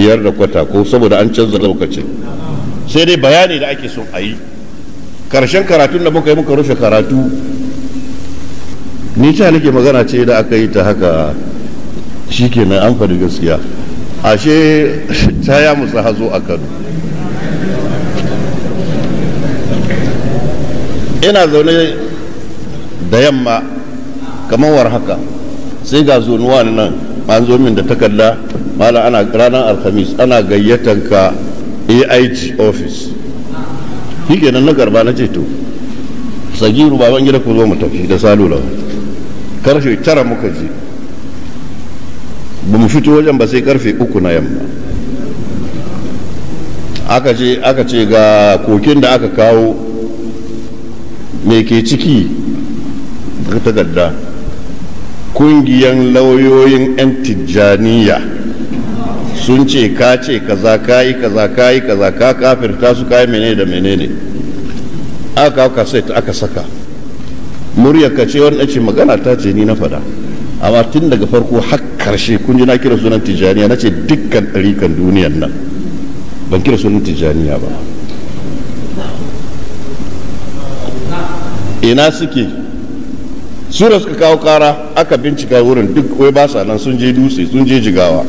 biyar da kwata ko saboda an canza lokacin sai dai bayani da ake son ayi karshen karatun da muka yi muka rufe karatu ni ta nake magana ce da aka yi ta haka shikenan an faɗi gaskiya ashe ta ya musu hazo a kano ina zaune da yamma kamar war haka sai ga zonuwa nan an min da takarda malam ana ranar alhamis ana gayyatan ka aig office shi kenan na garba na ceto to sagiru baban gida ku zo mu tafi da salula karfe tara muka je ba mu fito wajen ba sai karfe uku na yamma aka ce ga kokin da aka kawo me ke ciki ta takarda kungiyar lauyoyin 'yan tijjaniya sun ce ka ce kaza ka yi kaza ka yi kaza ka kafirta su ka yi menene da menene aka sai aka saka murya ka ce wani ce magana ta ce ni na fada amma tun daga farko har karshe kun ji na kira sunan tijjaniya na ce dukkan ɗarikan duniyan nan ban kira sunan tijjaniya ba ina suke su da suka kawo kara aka bincika wurin duk wai ba sa nan sun je dutse sun je jigawa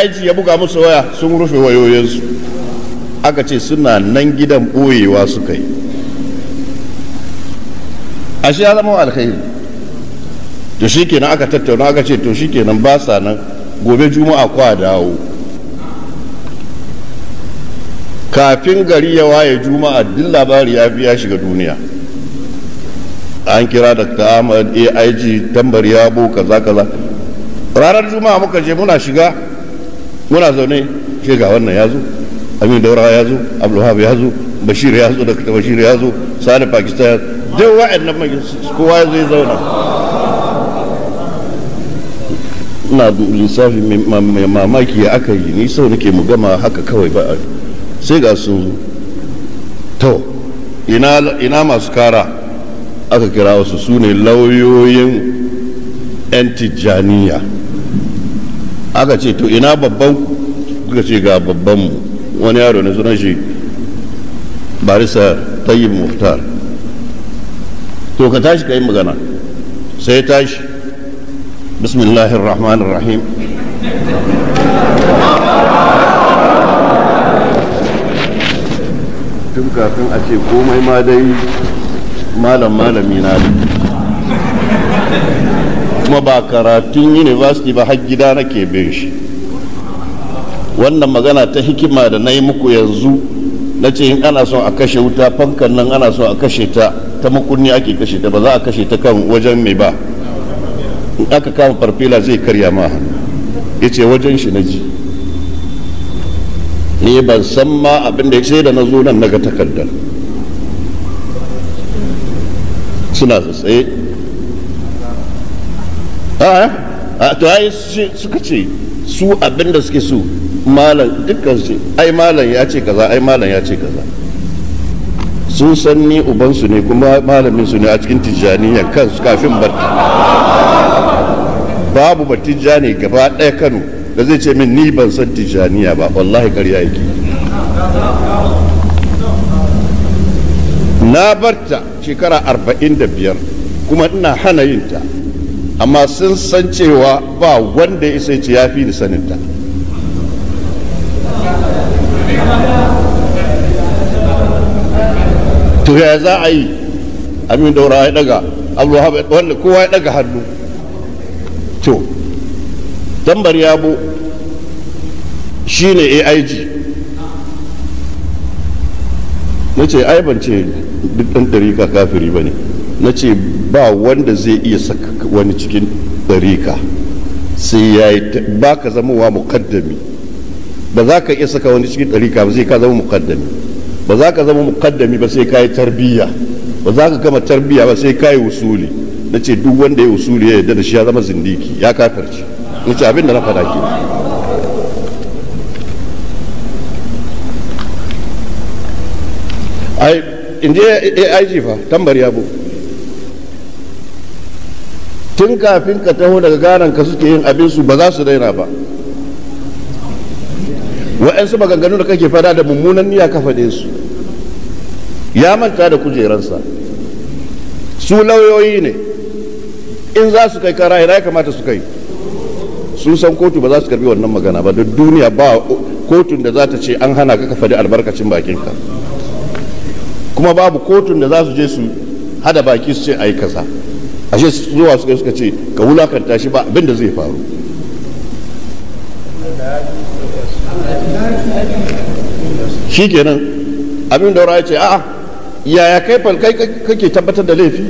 aig ya buga musu waya sun rufe wayoyinsu aka ce suna nan gidan ɓoyewa suka yi shi ya zama alkhairi to shi kenan aka tattauna aka ce to shi kenan ba sa nan gobe juma'a kwa dawo kafin gari ya waye juma'a duk labari ya biya shiga duniya an kira da Ahmad AIG tambar yabo kaza kaza ranar juma'a muka je muna shiga muna zaune ke ga wannan ya zo amin daura ya zo abdulhab ya zo bashir ya zo da bashir ya zo sani pakistan wa'in wa'annan mai kowa ya zo ya zauna ina da lissafi mai mamaki ya aka yi ni sau nake mu gama haka kawai ba sai ga sun to ina masu kara aka kira wasu su ne lauyoyin 'yan tijjaniya aka ce to ina babban kuka ce ga mu wani yaro ne sunan shi barisa tayyib muftar to ka tashi ka yi magana sai tashi bismillahir rahmanir rahim tun kafin a ce komai ma dai malam malami na kuma ba karatun university ba har gida na ke bin shi wannan magana ta hikima da na yi muku yanzu na ce in ana son a kashe wuta fankan nan ana son a kashe ta ta makunni ake kashe ta ba za a kashe ta kan wajen mai ba in aka kama farfela zai karya ma hannu ya ce wajen shi na ji ni ban san ma abin da ce da na zo nan na ga takardar suna tsaye a ah, eh? ah, to ai suka ce su abinda suke su malam dukkan su ai malam ya ce kaza ai malam ya ce kaza sun san ni ubansu ne kuma malamin su ne a cikin tijjaniya kansu kafin bar. babu ba tijjani gaba ɗaya kano da zai ce min ni ban san tijjaniya ba wallahi ƙarya yake na barta shekara arba'in da biyar kuma ina hana yinta amma sun san cewa ba wanda ya ce ya fi ni saninta to za a yi amin daura ya daga wanda kowa ya daga hannu to tambar yabo shine aig na ce ai ban ce duk ɗan ɗarika kafiri ba ne na ce ba wanda zai iya saka wani cikin ɗarika sai ya yi ba ka zama wa muƙaddami ba za ka iya saka wani cikin ɗarika ba sai ka zama muƙaddami ba za ka zama muƙaddami ba sai ka yi tarbiyya ba za ka gama tarbiyya ba sai ka yi usuli na ce duk wanda ya usuli ya yarda da shi ya zama zindiki ya kafirci na ce abin da na faɗa ke ai in je aig fa tambar yabo tun kafin ka taho daga ganan ka suke yin abin su ba za su daina ba wa'yansu maganganu da kake fada da mummunan niyya ka fade su ya manta da kujeransa su lauyoyi ne in za su kai kara ya kamata su kai sun san kotu ba za su karbi wannan magana ba duk duniya ba kotun da za ta ce an hana ka fadi faɗi albarkacin bakinka kuma babu kotun da za su je su hada baki su ce a kasa, kaza shi zuwa suka suka ce ka wulakanta shi ba abin zai faru shi kenan abin daura ya ce a'a yaya kai kai kake tabbatar da laifi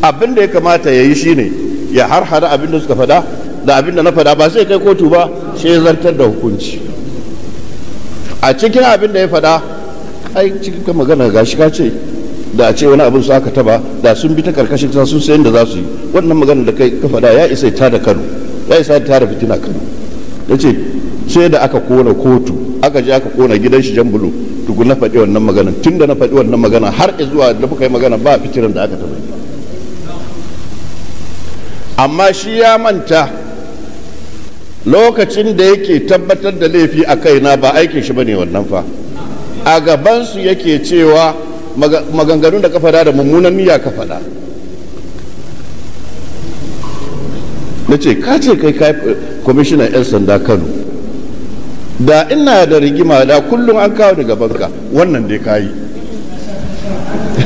abin da ya kamata ya yi shine ya har hada abin da suka fada da abin da na fada ba sai kai kotu ba sai zartar da hukunci a cikin abin da ya fada ai cikin magana ga ka ce da a ce wani abin su aka taba da sun bi ta karkashin ta sun sayan da za su yi wannan magana da kai ka faɗa ya isa ta da Kano ya isa ta da fitina Kano yace sai da aka kona kotu aka je aka kona gidan shi Jambulu tuku na faɗi wannan magana tun da na faɗi wannan magana har zuwa da muka yi magana ba fitinan da aka taba amma shi ya manta lokacin da yake tabbatar da laifi a kaina ba aikin shi bane wannan fa a gabansu yake cewa maganganun da ka faɗa da mummunan niyya ka faɗa na ce ka ce kai kai kwamishinan 'yan sanda kano da ina da rigima da kullum an kawo da gabanka wannan dai kayi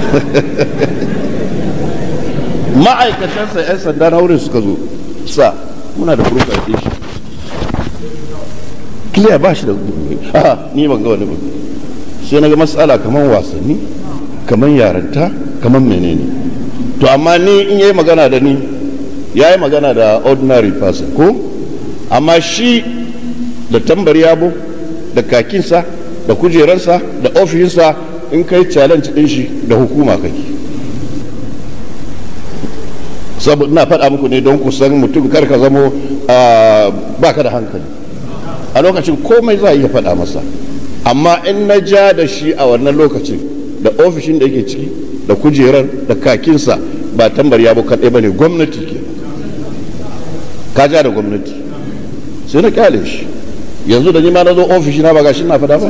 ma'aikatansa 'yan sanda na wurin suka zo sa muna da furuka ya shi kiliya ba shi da ni ban ga wani ba sai na ga matsala kamar wasanni kamar yaranta kamar menene to amma ni in yayi magana da ni ya yi magana da ordinary person ko amma shi da tambar yabo da kakinsa da kujeransa da ofishinsa in kai challenge din shi da hukuma kai saboda na faɗa muku ne don kusan mutum kar ka zamo ah, baka da hankali a lokacin komai za a iya faɗa masa amma in na ja da shi a wannan lokacin da ofishin da yake ciki da kujerar da kakinsa ba tambar ya kaɗai ba ne gwamnati ke ka ja da gwamnati sai na kyale shi yanzu da nima na zo ofishi na ba gashi na fada ba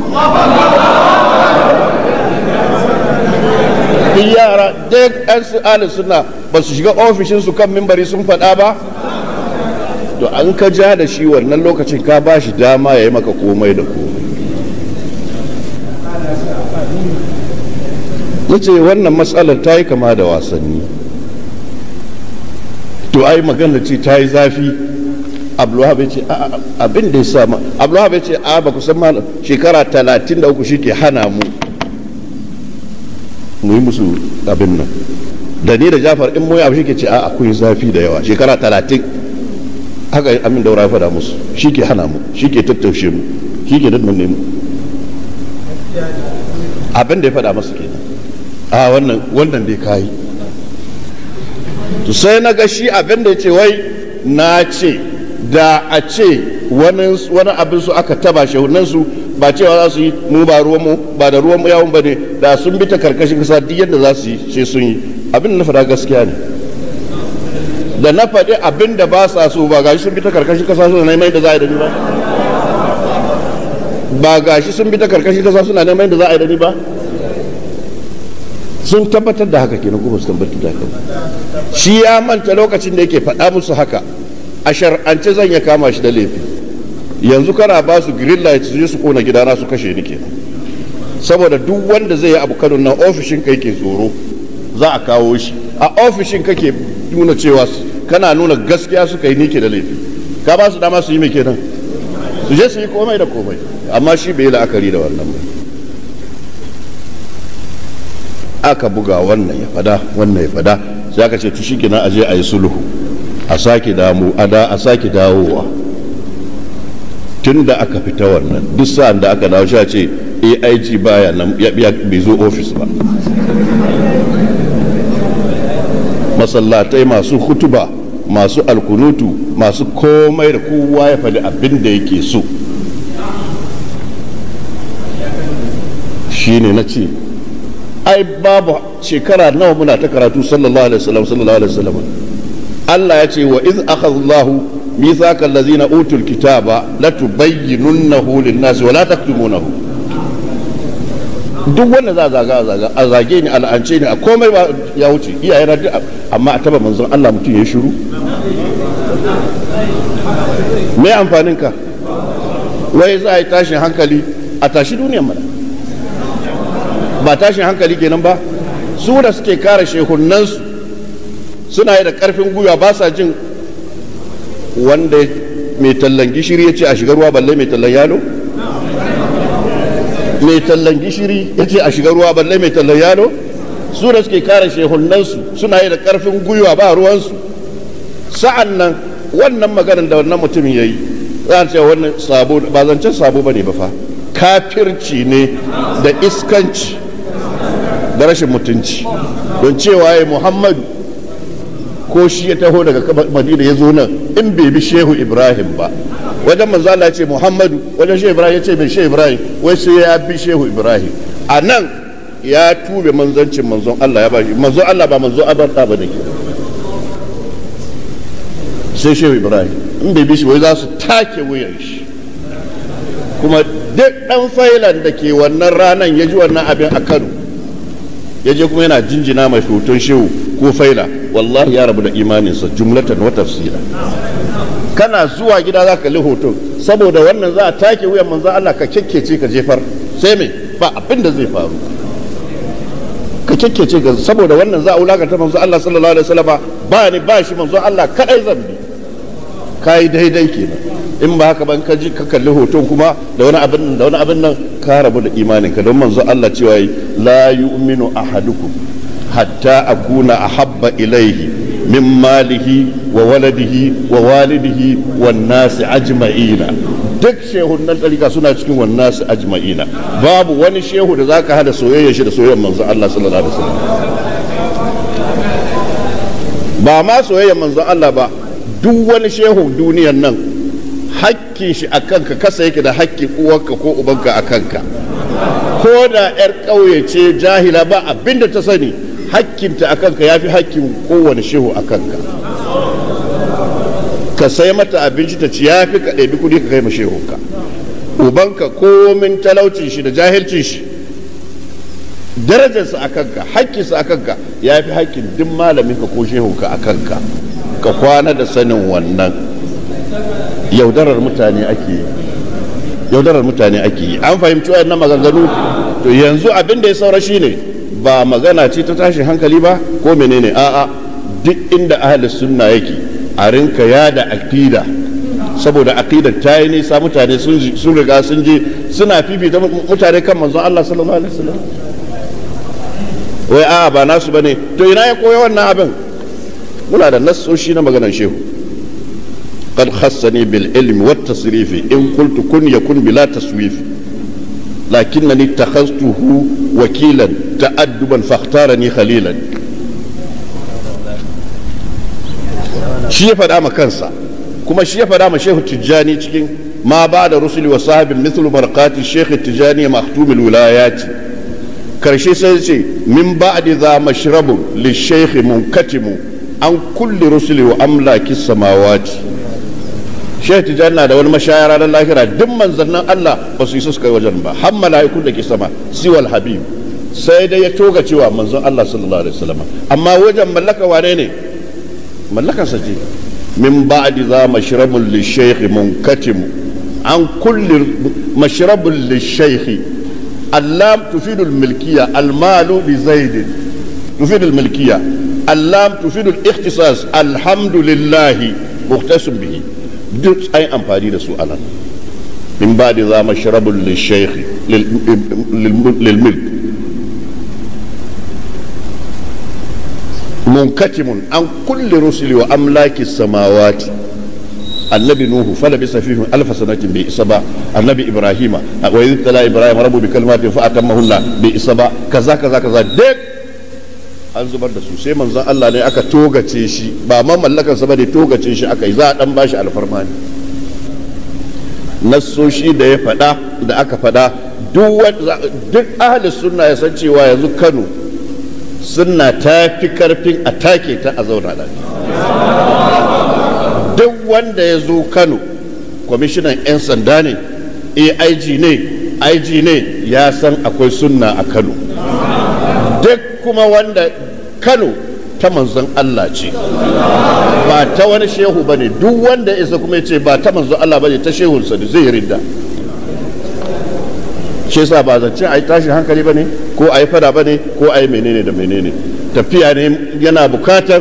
yara duk yan su suna ba su shiga ofishin su kan mimbari sun fada ba to an ka ja da shi wannan lokacin ka ba shi dama ya yi maka komai da komai ya ce wannan matsalar ta yi kama da wasanni to ai magana ce ta yi zafi abdullahab ya ce abin da ya sama abdullahab bai ce a ba ku san mana shekara talatin da uku shi ke hana mu mu yi musu abin nan da ni da jafar in moya shi ke ce a akwai zafi da yawa shekara talatin haka amin da ya fada musu shi ke hana mu shi ke tattaushe mu shi ke daddanne mu abin da ya faɗa masu kenan a wannan wannan dai kayi sai na ga shi abin da ya ce wai na ce da a ce wani abin su aka taba shehunan su ba cewa za su yi mu ba ruwan mu ba da ruwan yawon ba ne da sun bi ta karkashin kasa duk yadda za su yi sai sun yi abin da na faɗa gaskiya ne da na faɗi abin da ba sa so ba gashi sun bi ta karkashin kasa su da na yi mai da za a yi da ba ba gashi sun bi ta karkashi ta suna neman da za a yi dani ba sun tabbatar da haka kenan kuma su tabbatar da haka shi ya manta lokacin da yake faɗa musu haka a shar'ance zan ya kama shi da laifi yanzu kana ba su green light su je su kona gidana su kashe ni kenan saboda duk wanda zai yi abu kanun nan ofishin kai ke tsoro za a kawo shi a ofishin kake nuna cewa kana nuna gaskiya suka yi ni ke da laifi ka ba su dama su yi mai kenan su je su yi komai da komai amma shi bai la'akari da wannan ba aka buga wannan ya fada wannan ya fada sai aka ce tushi kina aje a yi sulhu a sake damu a sake dawowa tun da aka fita wannan duk sa'an da aka dawo sha ce aig baya nan ya bai zo ofis ba masallatai masu hutuba masu alkunutu masu komai da kowa ya faɗi abin da yake so Shi ne na ce ai babu shekara nawa muna ta karatu sallallahu alaihi wasallam sallallahu alaihi wasallam Allah ya ce wa iz akhadallahu mithaqal ladzina utul kitaba latubayyinunnahu lin-nasi wa la taktumunahu duk wanda za zaga zaga a zage ni al'ance ni a komai ba ya wuce iyayena duk amma a taba manzon Allah mutum ya shiru mai amfaninka wai za a yi tashin hankali a tashi duniyar mana ba tashin hankali kenan ba su da suke kare shehunansu suna yi da karfin gwiwa ba sa jin wanda mai tallan gishiri ya ce a shiga ruwa balle mai tallan yalo mai tallan gishiri ya ce a shiga ruwa balle mai tallan yalo su da suke kare shehunansu suna yi da karfin gwiwa ba ruwansu sa'an nan wannan maganar da wannan mutumin ya yi za a ce wannan sabo ba zancen sabo ba ne ba fa kafirci ne da iskanci da rashin mutunci don cewa ya muhammadu ko shi ya taho daga madina ya zo nan in bai bi shehu ibrahim ba wajen manzala ya ce muhammadu wajen shehu ibrahim ya ce bai shehu ibrahim wai sai ya bi shehu ibrahim a nan ya tube manzancin manzon allah ya ba shi manzon allah ba manzon abarta ba da ke sai shehu ibrahim in bai bishi wai za su take wuyan shi kuma duk dan failan da ke wannan ranan ya ji wannan abin a kano ya je kuma yana jinjina mai hoton shehu ko faila wallahi ya rabu da imaninsa jumlatan wa tafsira kana zuwa gida za ka li hoton saboda wannan za a take wuyan manzo Allah ka kekkece ka jefar sai me ba abin da zai faru ka kekkece ka saboda wannan za a wulakanta manzo Allah sallallahu alaihi wasallam ba ni ba shi manzo Allah kadai zambi kayi daidai kenan in ba haka ban ka ji ka kalli hoton kuma da wani abin da wani abin nan ka rabu da imanin ka don manzo Allah cewa la yu'minu ahadukum hatta akuna ahabba ilaihi min malihi wa waladihi wa walidihi wan nasi ajma'ina duk nan ɗarika suna cikin wan su ajma'ina babu wani shehu da zaka hada soyayya shi da soyayyar manzo Allah sallallahu alaihi wasallam ba ma soyayya manzo Allah ba duk wani shehu duniyar nan hakkin shi a kanka kasa yake da hakkin uwarka ko ubanka a kanka ko da 'yar ƙauye ce jahila ba abinda ta sani hakkinta a kanka ya fi hakkin kowane shehu a kanka ka sai mata abinci ta ci ya fi ka ɗabi kuɗi ka kai ma shehunka ubanka komin talaucin shi da jahilcin shi darajarsa a kanka hakkinsa a kanka ya fi hakkin duk malaminka ko shehunka a kanka ka kwana da sanin wannan yaudarar mutane ake yi yaudarar mutane ake yi an fahimci wayannan maganganu to yanzu abin da ya saura shine ba magana ce ta tashin hankali ba ko menene a'a duk inda ahlus sunna yake a rinka yada aqida saboda aqidar ta yi nisa mutane sun riga sun je suna fifita mutane kan manzon Allah sallallahu alaihi wasallam wai a'a ba nasu bane to ina ya koya wannan abin muna da nassoshi na maganar shehu قد خصني بالعلم والتصريف in قلت كن يكن بلا تسويف لكنني اتخذته وكيلا تأدبا فاختارني خليلا shi ya faɗa ma kansa kuma shi ya faɗa ma shehu tijjani cikin ma ba da rusuli wa sahabin mithlu marqati shehu tijjani maktumil wilayati karshe sai ce min ba'di za mashrabun li shehu munkatimu an kulli rusuli wa amlaki samawati shehu tijjani na da wani mashaya ranar lahira duk manzannin Allah ba su yi su kai wajen ba har mala'ikun da ke sama siwal habib sai dai ya toga cewa manzon Allah sallallahu alaihi wasallam amma wajen mallaka wane ne mallaka sa ce min ba'di za mashrabul lishaykh munkatim an kulli mashrabul lishaykh allam tufidu almilkiya almalu bi zaid tufidu almilkiya اللام تفيد الاختصاص الحمد لله مختص به duk an amfani da su a nan min ba da za masharabin lil lilmilk munkatimun an kulle rusuli wa amlaki samawati annabi nuhu fala bisa fihim bai isa ba annabi ibrahima wa yadda ibrahim rabu bi kalmatin fa bai isa ba kaza kaza kaza an zubar da su sai manzon Allah ne aka togace shi ba ma mallakansa ba ne togace shi aka yi za a dan bashi alfarma ne nassoshi da ya faɗa da aka faɗa duk ahli sunna ya san cewa yanzu Kano suna ta fi karfin a take ta a zauna lafiya duk wanda ya zo Kano kwamishinan 'yan sanda ne AIG ne aig ne ya san akwai sunna a Kano duk kuma wanda kano ta manzon Allah ce ba ta wani shehu ba ne duk wanda ya isa kuma ya ce ba ta manzon Allah ba ne ta shehunsa da zai ridda shi yasa ba zance a yi tashin hankali ba ne ko a yi fada ba ne ko a yi menene da menene tafiya ne yana bukatar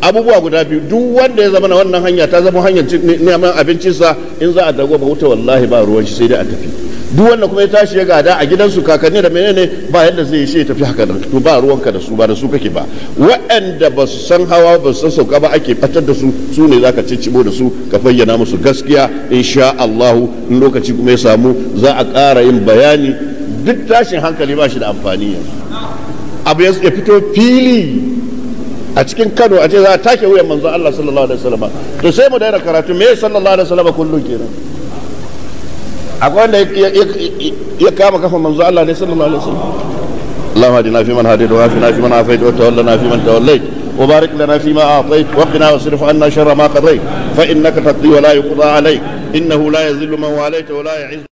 abubuwa guda biyu duk wanda ya zama na wannan hanya ta zama hanyar neman abincinsa in za a dago ba wuta wallahi ba ruwan shi sai dai a tafi duk wanda kuma ya tashi ya gada a gidansu kakanni da menene ba yadda zai shi ya tafi haka da to ba ruwanka da su ba da su kake ba waɗanda ba su san hawa ba su san sauka ba ake batar da su su ne zaka cibo da su ka bayyana musu gaskiya insha Allah in lokaci kuma ya samu za a ƙara yin bayani duk tashin hankali ba shi da amfani abu ya fito fili a cikin Kano a ce za a take wuyan manzo Allah sallallahu alaihi wasallam to sai mu daina karatu me sallallahu alaihi wasallam kullun kenan akwai wanda ya kama kafa manzo Allah ne sallallahu alaihi wasallam Allahumma hadina fi man hadaita wa